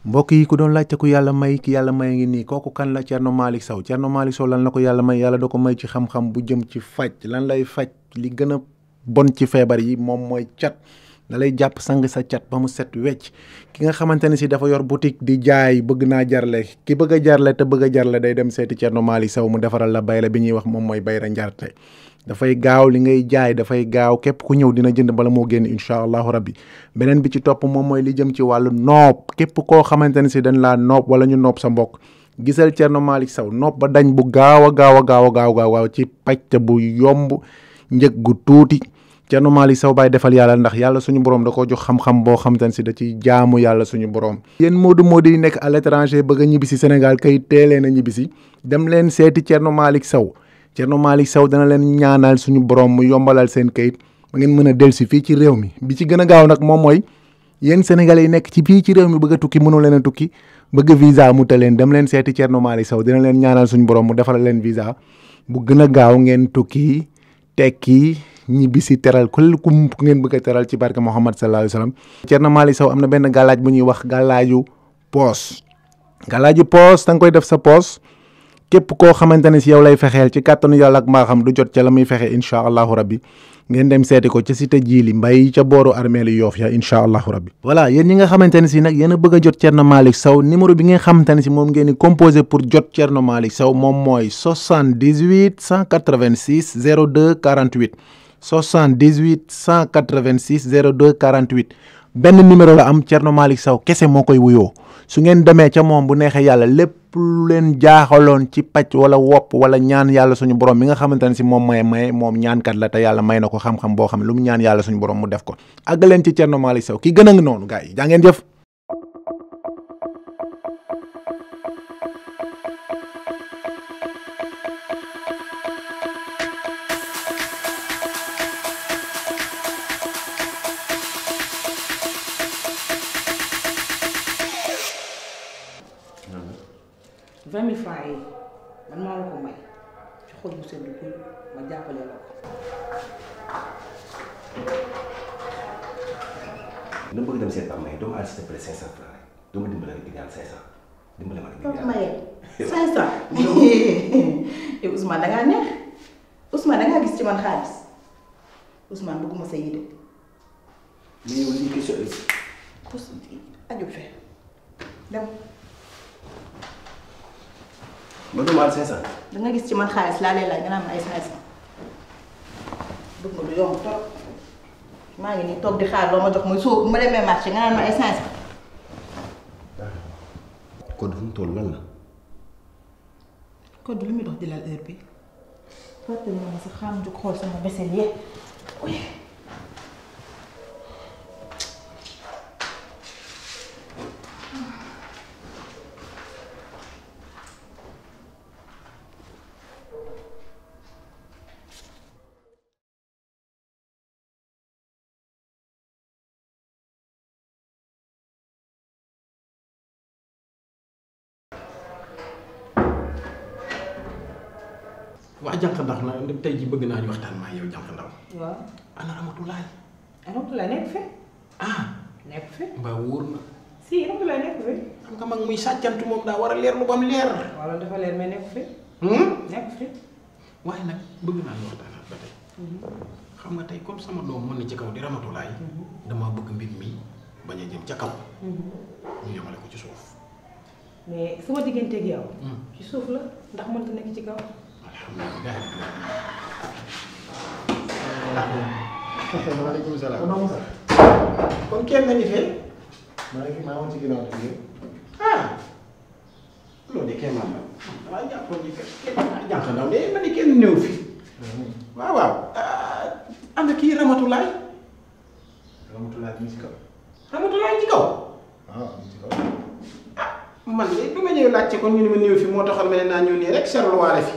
mbokk yi ku doon laajte ku yàlla may ki yàlla may ngi nii kooku kan la Thierno Malick Sow Thierno Malick Sow lan la ko yàlla may yàlla da ko may ci xam-xam bu jëm ci faj lan lay faj li gën a bon ci feebar yi moom mooy cat da lay jàpp sang sa cat ba mu set wecc ki nga xamante ne si dafa yor boutique di jaay bëgg naa jarle ki bëgg a jarle te bëgg a jarle day dem seeti Thierno Malick Sow mu defaral la bayra bi ñuy wax moom mooy bay bayra njarte dafay gaaw li ngay jaay dafay gaaw képp ku ñëw dina jënd bala moo génn incha allahu rabbi beneen bi ci topp moom mooy li jëm ci wàllu nopp képp koo xamante ne si dañ laa nopp wala ñu nopp sa mbokk gisal Thierno Malick saw nopp ba dañ bu gaaw a gaaw a gaaw a gaaw gaaw ci pàcc bu yomb njëg gu tuuti Thierno Malick Sow bay defal yàlla ndax yàlla suñu borom da ko jox xam-xam boo xamante ne si da ciy jaamu yàlla suñu borom. yéen Modou Modou yi nekk à l'étranger bëgg a ñibbisi Sénégal kay teelee na ñibbisi dem leen seeti Thierno Malick Sow Thierno Malick Sow dana leen ñaanal suñu borom mu yombalal seen kayit ba ngeen mën a dellusi fii ci réew mi bi ci gën a gaaw nag moom mooy yéen sénégalais yi nekk ci fii ci réew mi bëgg a tukki mënu leen a tukki bëgg visa mu te leen dem leen seeti Thierno Malick Sow dina leen ñaanal suñu borom mu defaral leen visa bu gën a gaaw ngeen tukki tekki ñibbi si teral kul ku ngeen bëgg a teral ci barke Muhammad sallallahu alayhi wa sallam Thierno Malick Sow am na benn gàllaaj bu ñuy wax gàllaaju poos gàllaaju poos da koy def sa poos képp koo xamante ne si yow lay fexeel ci kàttanu yàlla ak mbaaxam du jot ca la muy fexe incha allahu rabbi ngeen dem seeti ko ca cité Djily mbay ca booru armeelu Yoff ya incha allahu rabbi voilà yéen ñi nga xamante ne si nag yéen a bëgg a jot Thierno Malick Sow numéro bi nga xamante ne si moom ngeen di composé pour jot Thierno Malick moom mooy 78 186 02 48 78 186 02 48 benn numéro la am Thierno Malick Sow kese moo koy wuyoo su ngeen demee ca moom bu neexee yàlla lépp leen jaaxaloon ci paj wala wopp wala ñaan yàlla suñu borom mi nga xamante ne si moom may may moom ñaankat la te yàlla may na ko xam-xam boo xam ne lu mu ñaan yàlla suñu borom mu def ko àgg leen ci Thierno Malick ki gën a noonu gars yi jaa ngeen jëf lépp ma jàppalee la ko. dama bëgg dem seen Pape Maye doo ma àll si te cinq cent francs rek doo ma dimbale rek di ñaan cinq cent dimbale ma rek. Pape Maye cinq cent. yow Ousmane da ngaa neex Ousmane da ngaa gis ci man xaalis Ousmane bëgguma sa yii de. mais yow lii question. aju fe dem. ma demande 500. da nga gis ci man xaalis laa lay laaj nga naan ma ay 500. bëgg nga du yomb trop maa ngi nii toog di xaar loo ma jox mooy soo bu ma demee marché nga naan ma ay 500. code fu toll lan code lu muy dox di heure bi. fàttali ma sax xaaral ma xool sama vaisselle yee. waa jànq ndax na tey ji bëgg naa ñu waxtaan maa yow jànq ndaw. waaw ana Ramatoulaye. Ramatoulaye nekk fi. ah. nekk fi mbaa wóor na. si Ramatoulaye nekk muy sàccantu moom daa war a leer lu ba leer. wala dafa leer mais nekk fi. Hmm? nekk fi. waaye nag bëgg naa ñu mm-hmm. nga tey comme sama doom mën na ci kaw di Ramatoulaye. Mm-hmm. bëgg mbir mi bañ a ca kaw. Mm-hmm. ñu yemale ko ci suuf. mais sama digganteeg yow. Hmm. ci suuf la ndax mënta nekk ci kaw. asalaamaaleykum kenn nañu fee. maa ngi ah! fi maa woon ci waaw waaw waaw. Ah, na kii Ramatulaay. Ramatulaay mi ci kaw. Ramatulaay ci kaw. waaw ah, ci kaw. ah man de bi ma ñëw laajte kon ñu ne ma néew fi moo taxal ma ne naa ñëw nii rek seetlu waale fi.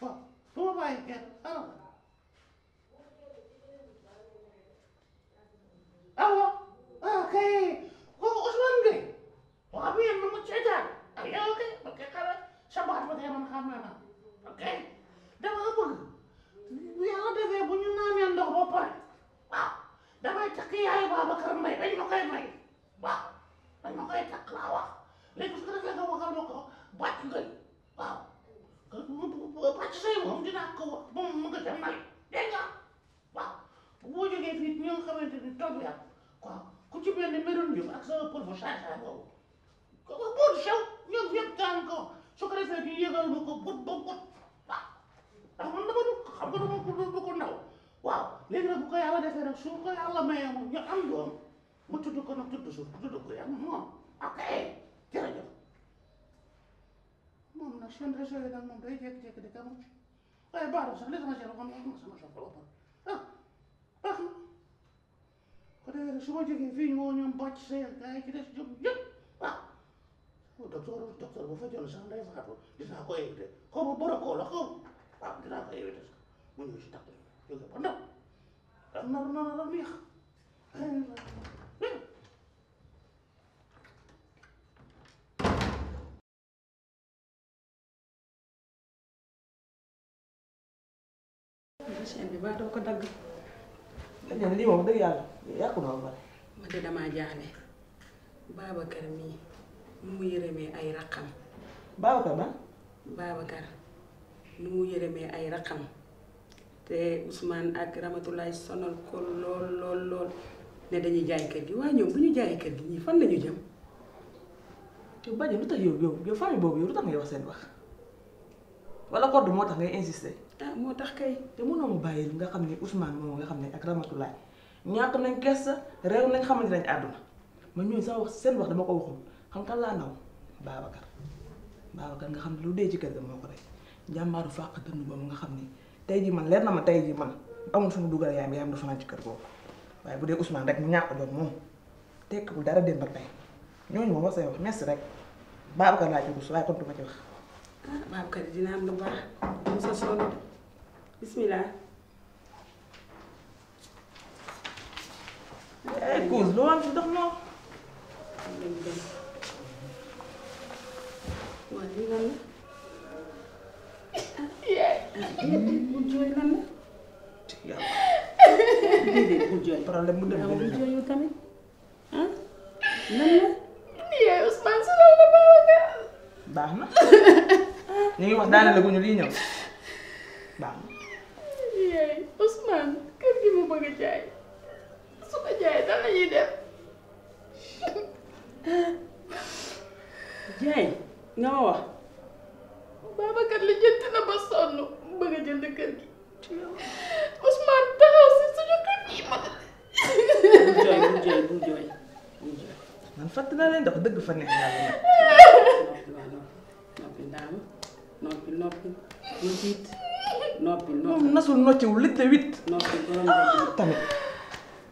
Well, who am I again? I don't know. Oh. dinaa ko wax ba mu nga dem Mali dégg nga waaw boo jógee fii xamante ni toog na waaw ku ci mel ne meroon bi ak sama pël bu saa saa boobu kooku buur sew ñoom yëpp daan ko su ko defee ñu yëgal ko gut ba gut waaw ndax ko du ko ndaw waaw léegi nag bu ko yàlla defee nag su ko yàlla mayee am doom mu tudd ko nag tudd suuf tudd ko yàlla moom ok jërëjëf moom nag seen réseau yi nag moom day jékki-jékki di kamu waaye baax na sax l'essentiel xam nga sama soxla ba pare ah baax na. ko defee su ma jógee fii ñu woo ñoom bàcc see gars yi ci des jóg ñëpp waaw docteur docteur bu fa jëloon sax nday faatu dinaa ko éviter xaw ma borakoo la xaw waaw dinaa ko éviter sax mu ñëw si takk jóge ba ndaw. na lu nar a yéex chaîne bi ba doo ko dagg. dëgg yàlla yàqu na ba pare. ma de mii mu yërëmee ay raqam. Babacar ba. Babacar nu mu yërëmee ay raqam te ak Ramatoulaye sonal ko lool lool dañuy jaay gi waaye ñoom gi ñii fan la ñu jëm. yow Badji lu tax yow yow yow famille boobu yow lu tax ngay wax seen wax wala code moo tax ngay insister. ah moo tax kay te mënoo ma bàyyi nga xam ne Ousmane moom nga xam ne ak Ramatoulaye ñàkk nañ kersa réew nañ xamante nañ àdduna man ñooñu sama wax dama ko waxul xam kan laa naw nga xam lu dee ci kër ga moo ko rey jàmbaaru fàq nga xam ne tey ji man leer na ma tey ji man amul fu mu dugal yaayam yaayam dafa naan ci kër boobu waaye bu dee Ousmane rek mu ñàkk a moom tekkiwul dara démb ak tey ñooñu moom wax say wax merci rek Babacar laa ci rus waaye kon ma ci wax. ah Babacar dina am lu baax mu sa sonn bismillah. ay eh, cause loo am ci dox noonu. waaw lii lan la. bu jooy lan la. déedéet bu jooy problème mu dem bu jooy tamit ah lan la. yaay Ousmane Sow la Babacar. baax na. ñu ngi wax naa la guñu lii ñëw baax na. yaay Ousmane kër gi mu bëgg jaay su ko jaayee nan la def. jaay nga ma wax. Babacar li jënd na ba sonn bëgg a jënd kër gi. Ousmane taxaw si suñu kër gi ma. bu jooy bu jooy bu jooy man fàttali naa leen dafa dëgg fa nekk yàlla noppi noppi bul tiit noppi noppi moom nasul noccewul lit la huit. noppi borom tamit.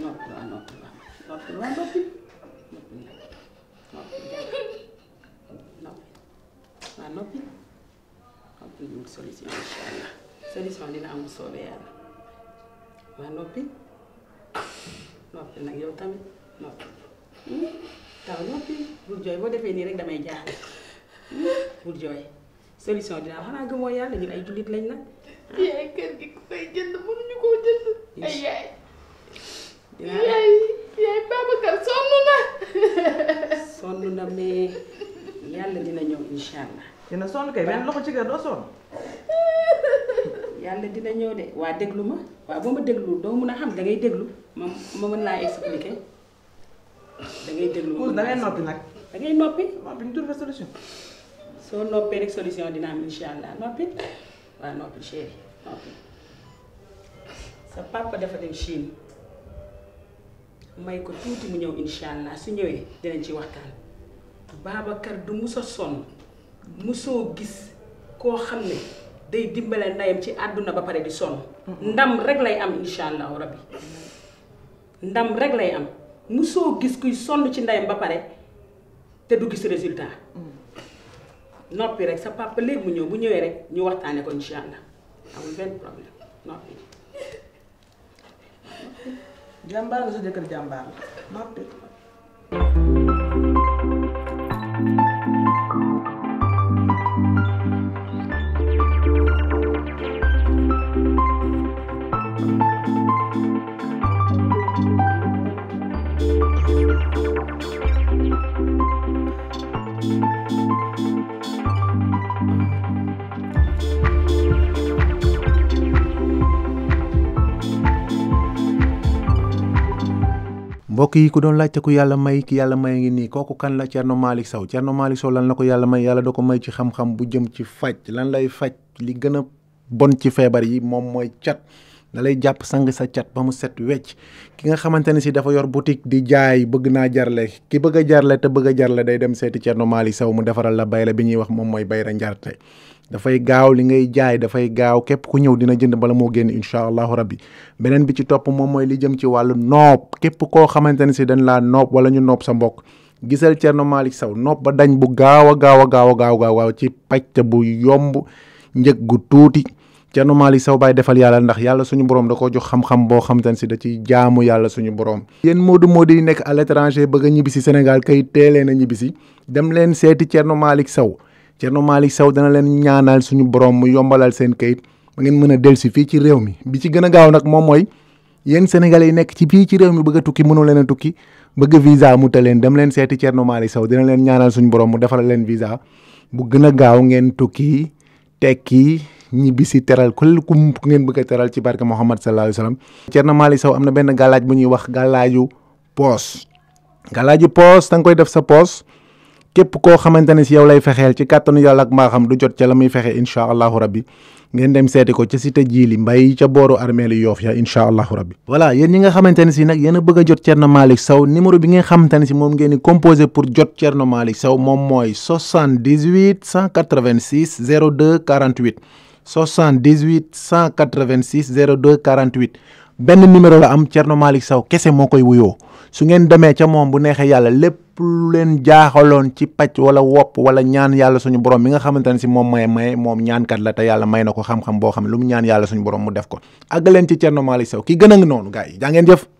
noppi waaw noppi waaw noppi waaw noppi noppi noppi waaw noppi noppi ñu ngi solution incha allah solution dina am soobee yàlla waaw noppi noppi nag yow tamit noppi hmm? taw noppi bul jooy boo defee nii rek damay jaaxle hmm? bul jooy. solution dinaa xanaa gëmoo yàlla ñun ay jullit lañ nag. yaay kër gi ku koy jënd mënuñu koo jënd. yaay. yaay yaay Babacar na. sonn na mais yàlla dina ñëw incha allah. dina sonn kay benn loxo ci kër doo sonn. yàlla dina ñëw de waa déglu ma waa ba ma déglu doo mun a xam dangay déglu ma ma mën laa expliquer da ngay déglu. da ngay noppi nag. dangay ngay noppi. waaw bi ñu solution. soo noppee rek solution dina am incha allah noppi waaw noppi chéri noppi sa papa defa dem Chine may ko tuuti mu ñëw incha allah su ñëwee dinañ ci waxtaan Babacar du musa sonn musoo gis koo xam ne day dimbale ndeyam ci àdduna ba pare di sonn ndam rek lay am incha allahu rabbi ndam rek lay am musoo gis kuy sonn ci ndeyam ba pare te du gis résultat mm. noppi rek sa papa léegi mu ñëw bu ñëwee rek ñu waxtaanee ko incha allah amul benn problème noppi. jàmbaar la sa jëkkër la bokk yi ku doon laajte ku yàlla may ki yàlla may ngi nii kooku kan la Thierno Malick Sow saw Malick Sow lan la ko yàlla may yàlla da ko may ci xam-xam bu jëm ci faj lan lay faj li gën a bon ci feebar yi moom mooy cat da lay jàpp sang sa cat ba mu set wecc ki nga xamante ne si dafa yor boutique di jaay bëgg naa jarle ki bëgg a jarle te bëgg a jarle day dem seeti Thierno Malick Sow mu defaral la bayra bi ñuy wax moom mooy bayra njarte dafay gaaw li ngay jaay dafay gaaw képp ku ñëw dina jënd bala moo génn incha allahu rabbi beneen bi ci topp moom mooy li jëm ci wàllu noob képp koo xamante ne si dañ laa noob wala ñu noob sa mbokk gisal Thierno Malick saw noob ba dañ bu gaaw a gaaw a gaaw a gaaw gaaw ci pàcc bu yomb njëg gu tuuti Thierno Malick Sow baay defal yàlla ndax yàlla suñu borom da koo jox xam-xam boo xamante ne si da ciy jaamu yàlla suñu borom. yéen Modou Modou yi nekk à l'étranger bëgg a ñibbisi Sénégal kay teelee na ñibbisi dem leen seeti Thierno Malick Sow Thierno Malick Sow dana leen ñaanal suñu borom mu yombalal seen kayit ba ngeen mën a dellusi fii ci réew mi bi ci gën a gaaw nag moom mooy yéen sénégalais yi nekk ci fii ci réew mi bëgg a tukki mënu leen a tukki bëgg visa mu ta leen dem leen seeti Thierno Malick dina leen ñaanal suñu borom mu defaral leen visa bu gën a gaaw ngeen tukki tekki ñibbi si teral ku ngeen bëgg a teral ci barke Muhammad sallallahu alayhi wa sallam Thierno Malick Sow am na benn gàllaaj bu ñuy wax gàllaaju poos gàllaaju koy def sa poos képp koo xamante ne si yow lay fexeel ci kàttanu yàlla ak maa xam du jot ca la muy fexe incha allahu rabbi ngeen dem seeti ko ca si cité jiili mbay ca booru armée li yoof ya incha allahu rabbi voilà yéen ñi nga xamante ne si nag yéen a bëgg a jot Thierno Malick Sow numéro bi nga xamante ne si moom ngeen di composé pour jot Thierno Malick saw moom mooy 78 186 02 48 78 186 02 48 benn numéro la am Thierno Malick saw kese moo koy wuyoo su ngeen demee ca moom bu neexee yàlla lépp lu leen jaaxaloon ci pàcc wala wopp wala ñaan yàlla suñu borom mi nga xamante ne si moom may may moom ñaankat la te yàlla may na ko xam-xam boo xam ne lu mu ñaan yàlla suñu borom mu def ko àgg leen ci Thierno Malick Sow ki gën a noonu gars yi jaa ngeen jëf